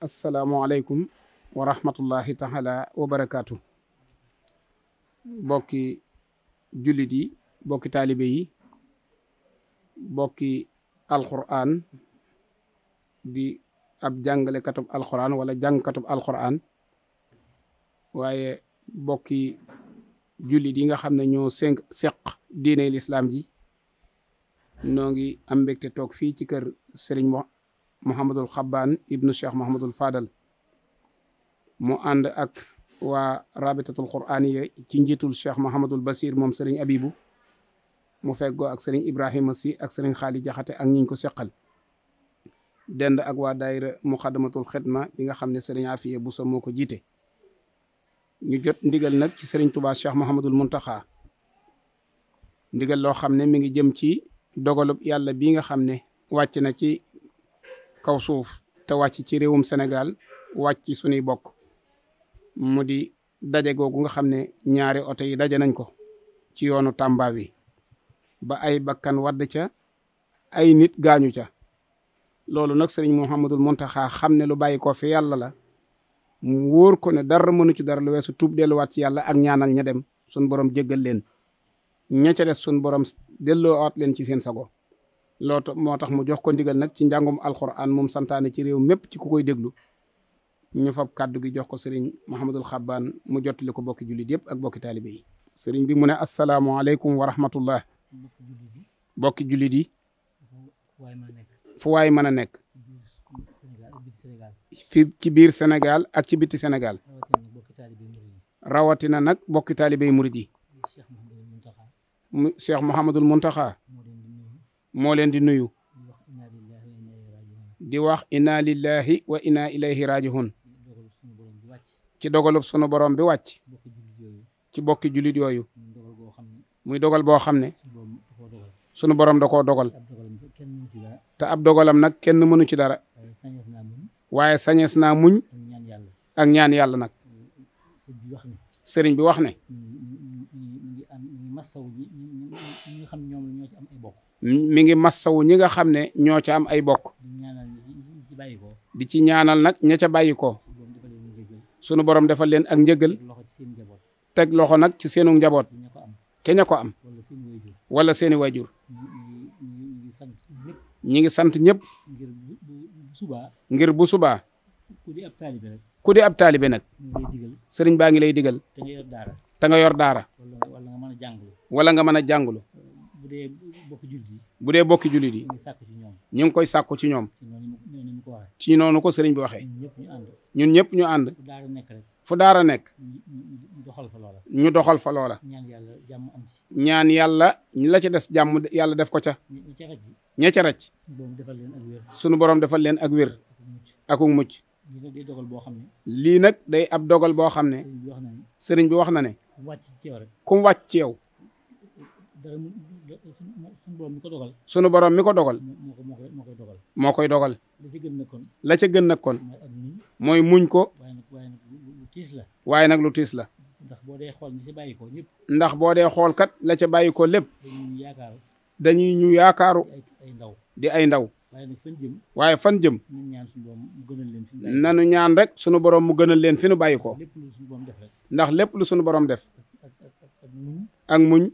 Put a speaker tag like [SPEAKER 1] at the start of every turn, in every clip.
[SPEAKER 1] asalaamualeykum wa rahmatullahi taala wa bokki jullit yi bokki taalibe yi bokki alquran di ab jàngale katub alquran wala jàng katub alquran waaye bokki jullit yi nga xam ne ñoo senq seq diine lislaam ji noo ngi am mbégte fii ci kër sëriñ mo Mouhamadul Xabbaan ibnu Cheikh Mouhamadul Fadal mu ànd ak waa rabitatul quraaniya ci njiitul Cheikh Mouhamadul Basir moom sëriñ Abibu mu feggoo ak sëriñ Ibrahima si ak sëriñ Xaali Jaxate ak ñiñ ko seqal dend ak waa daayira muxadamatul xidma bi nga xam ne sëriñ Afiya Buso moo ko jiite ñu jot ndigal nag ci sëriñ Tuubaa Cheikh Mouhamadul Muntaxa ndigal loo xam ne mi ngi jëm ci dogalub yàlla bi nga xam ne wàcc na ci kaw suuf te wàcc ci réewum Sénégal wàcc ci sunuy bokk mu di daje googu nga xam ne ñaari oto yi daje nañ ko ci yoonu Tamba wi ba ay bakkan wadd ca ay nit gaañu ca loolu nag sëriñ Mouhamadul xaa xam ne lu bàyyi ko fi yàlla la mu wóor ko ne dara nu ci dara lu weesu tuub delluwaat ci yàlla ak ñaanal ña dem sun borom jéggal leen ña ca des sun borom delloowaat leen ci seen sago loo moo tax mu jox ko ndigal nag ci njàngum alxuraan moom santaane ci réew mépp ci ku koy déglu ñu fab kàddu gi jox ko sëriñ Mouhamadul Xabbaan mu jottali ko bokki jullit yëpp ak bokki taalibe yi. sëriñ bi mu ne asalaamaaleykum wa rahmatullah. bokki jullit yi. fu waay mën a nekk. fi ci biir Sénégal ak ci bitti Sénégal. rawatina nag bokki taalibe murid yi. mu Cheikh Mouhamadul Muntaxa mo len di nuyu di wax inna lillahi wa inna ilayhi rajihun, ci dogalub sunu borom bi wacc ci bokki julit yoyu muy dogal bo xamne sunu borom dako dogal ta ab dogalam nak kenn mënu ci dara waye sañees muñ ak ñaan yalla nak serigne bi wax ne.
[SPEAKER 2] ñi nga xam ñoom ñoo bokk.
[SPEAKER 1] mi ngi massawu ñi nga xam ne ñoo ca am ay bokk. di ci ñaanal nag ña ca bàyyi ko. sunu borom defal leen ak njëgal. teg loxo nag ci seenu njaboot. te ña ko am. wala seeni waajur. ñi ngi sant ñëpp. ngir
[SPEAKER 2] bu subaa.
[SPEAKER 1] ngir bu subaa. ku di ab taalibe nag. sëriñ baa ngi lay digal. te nga yor daara. jàngulu wala nga mën a jàngulu
[SPEAKER 2] bu dee bokki jullit yi
[SPEAKER 1] bu dee bokki jullit yi ñu ngi koy sàkku ci ñoom ci noonu ko sëriñ bi waxee ñun ñëpp ñu ànd fu daar a nekk ñu doxal fa loola ñaan yàlla ñu la ci des jàmm yàlla def ko ca ña ca raj sunu borom defal leen ak wér ak mucc lii nag day ab dogal boo xam ne sëriñ bi wax na ne
[SPEAKER 2] ku mu wàcc ci rek.
[SPEAKER 1] ku wàcc ci yow.
[SPEAKER 2] sunu borom mi ko dogal. sunu borom mi ko dogal.
[SPEAKER 1] moo moo koy dogal. moo koy dogal. la ca gën nag kon. la ca gën nag kon. mooy muñ ko. waaye
[SPEAKER 2] nag lu tiis la.
[SPEAKER 1] waaye nag lu tiis la.
[SPEAKER 2] ndax boo dee xool li ci bàyyi
[SPEAKER 1] ndax boo dee xool kat la ca bàyyi ko lépp.
[SPEAKER 2] dañuy yaakaaru.
[SPEAKER 1] dañuy ñu yaakaaru. ay ndaw di ay ndaw. waaye
[SPEAKER 2] nag fan jëm. waaye fan jëm. nanu
[SPEAKER 1] ñaan rek sunu borom mu gënal leen fi nu bàyyi ko. lépp lu sunu def rek. ndax lépp lu sunu borom def. ak muñ.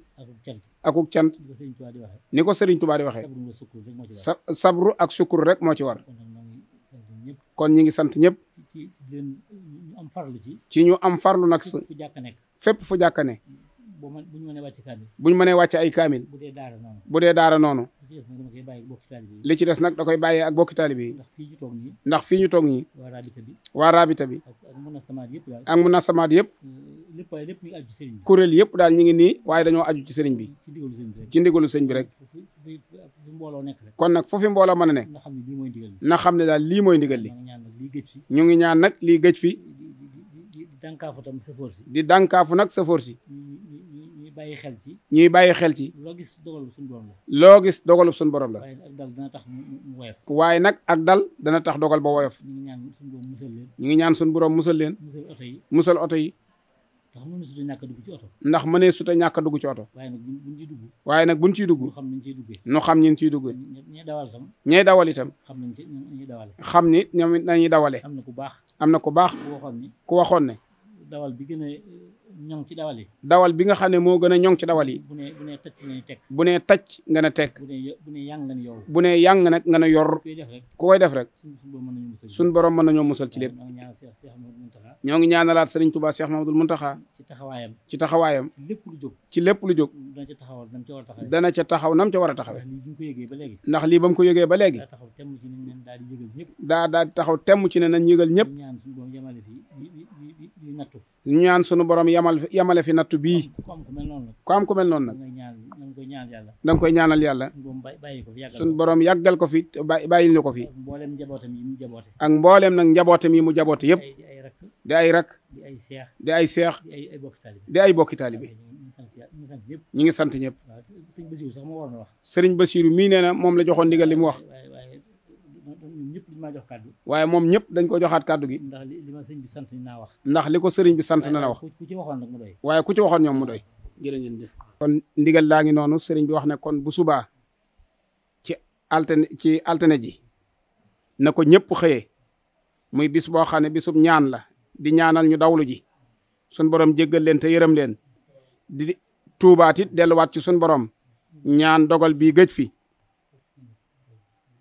[SPEAKER 1] akuk cant. ni ko Serigne Touba di waxee. sa sabru ak sukkur rek moo ci war. kon ñi ngi sant ñëpp.
[SPEAKER 2] ci ñu am farlu ci. ci ñu am farlu nag.
[SPEAKER 1] fépp fu jàkka ne.
[SPEAKER 2] bu ñu mënee wàcc ay kaamil. bu dee daara noonu. li ci des
[SPEAKER 1] nag da koy bàyyee ak bokki taalibe yi ndax fii ñu toog nii waa raabita bi
[SPEAKER 2] ak munasamaat yëpp kuréel
[SPEAKER 1] yëpp daal ñu ngi nii waaye dañoo aju ci sëriñ bi ci ndigalu sëriñ bi rek kon nag foofu mbooloo mën a ne na xam ne daal lii mooy ndigal li ñu ngi ñaan nag lii gëj fi
[SPEAKER 2] di dànkaafu nag sa force
[SPEAKER 1] di dànkaafu sa force
[SPEAKER 2] bàyyi xel ci. ñuy bàyyi xel ci. loo gis dogalub suñu borom la.
[SPEAKER 1] loo gis dogalub suñu borom la. waaye nag ak dal dana tax waaye nag ak dal dana tax dogal ba woyof. ñu ngi ñaan suñu borom musal leen. ñu ngi ñaan suñu borom musal leen. musal oto yi musal oto yi.
[SPEAKER 2] ndax mënee suta ñàkk dugg ci oto.
[SPEAKER 1] ndax mënee suta ñàkk dugg ci oto.
[SPEAKER 2] waaye nag buñ ciy dugg.
[SPEAKER 1] waaye nag buñ ciy dugg. ñu xam
[SPEAKER 2] ñu ciy duggee. ñu
[SPEAKER 1] xam ñu ciy duggee. ñay dawal itam. ñay dawal itam.
[SPEAKER 2] xam nañ ci nañuy
[SPEAKER 1] xam ni ñoom it nañuy dawale. am na ku baax. am na ku baax. ku waxoon ku waxoon ne.
[SPEAKER 2] dawal bi gën a eh, ñoŋ ci
[SPEAKER 1] nga xam ne moo gën a ñoŋ ci dawal yi. bu nee bu nee tàcc nga ne teg. bu
[SPEAKER 2] nee tàcc nga ne teg. bu nee
[SPEAKER 1] bu nee ne yow. nga ne yor. ku koy def rek. suñ borom mën nañoo musal ci lépp. ñoo ngi ñaanalaat Serigne Touba Cheikh Mamadou Mountakha. ci taxawaayam ci taxawaayam. ci lépp lu jóg ci lépp lu jóg.
[SPEAKER 2] dana ca taxaw nam ca war a taxawee. dana ca taxaw nam a ndax lii ba mu ko yëgee ba léegi.
[SPEAKER 1] daa daa taxaw temm ci ne nañ yëgal ñëpp ñu ñaan sunu borom yamal yamale fi nattu bii. ku am ku mel nag.
[SPEAKER 2] da nga koy ñaanal yàlla. sunu borom yàggal
[SPEAKER 1] ko fi bàyyil ñu ko fi. ak mboolem nag njabootam yi mu jaboote yëpp. di ay rak.
[SPEAKER 2] di ay seex. di
[SPEAKER 1] ay bokki taalibe ñi ngi sant ñëpp. sëriñ Basiiru mii nee na moom la joxoon ndigal li mu wax.
[SPEAKER 2] ñëpp dañ maa
[SPEAKER 1] waaye moom ñëpp dañ ko joxaat kàddu gi
[SPEAKER 2] ndax li ma sëriñ bi
[SPEAKER 1] li ko sëriñ bi sant na wax
[SPEAKER 2] ku ci waxoon nag mu doy
[SPEAKER 1] waaye ku ci waxoon ñoom mu doy jërë ngeen jëf kon ndigal laa ngi noonu sëriñ bi wax ne kon bu subaa ci altine ci altine ji na ko ñëpp xëyee muy bis boo xam ne bisub ñaan la di ñaanal ñu dawlu ji sun borom jéggal leen te yërëm leen di tuubaatit delluwaat ci sun borom ñaan dogal bii gëj fi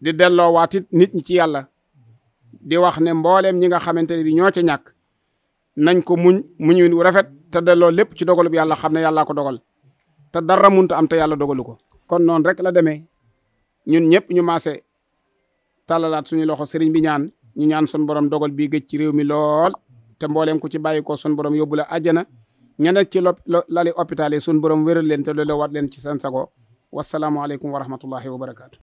[SPEAKER 1] di delloowaat it nit ñi ci yàlla di wax ne mbooleem ñi nga xamante ne bi ñoo ca ñàkk nañ ko muñ muñu wu rafet te delloo lépp ci dogalub yàlla xam ne yàllaa ko dogal te dara munta am te yàlla dogalu ko kon noonu rek la demee ñun ñëpp ñu maase tàllalaat suñu loxo seriñ bi ñaan ñu ñaan sun borom dogal bii gëj ci réew mi lool te mbooleem ku ci bàyyi ko sun borom yóbbu la àjjana ña nekk ci lali hôpital yi sun borom wéral leen ta loolu waat leen ci seen sago wasalaamualeykum wa rahmatullahi wa barakaatu.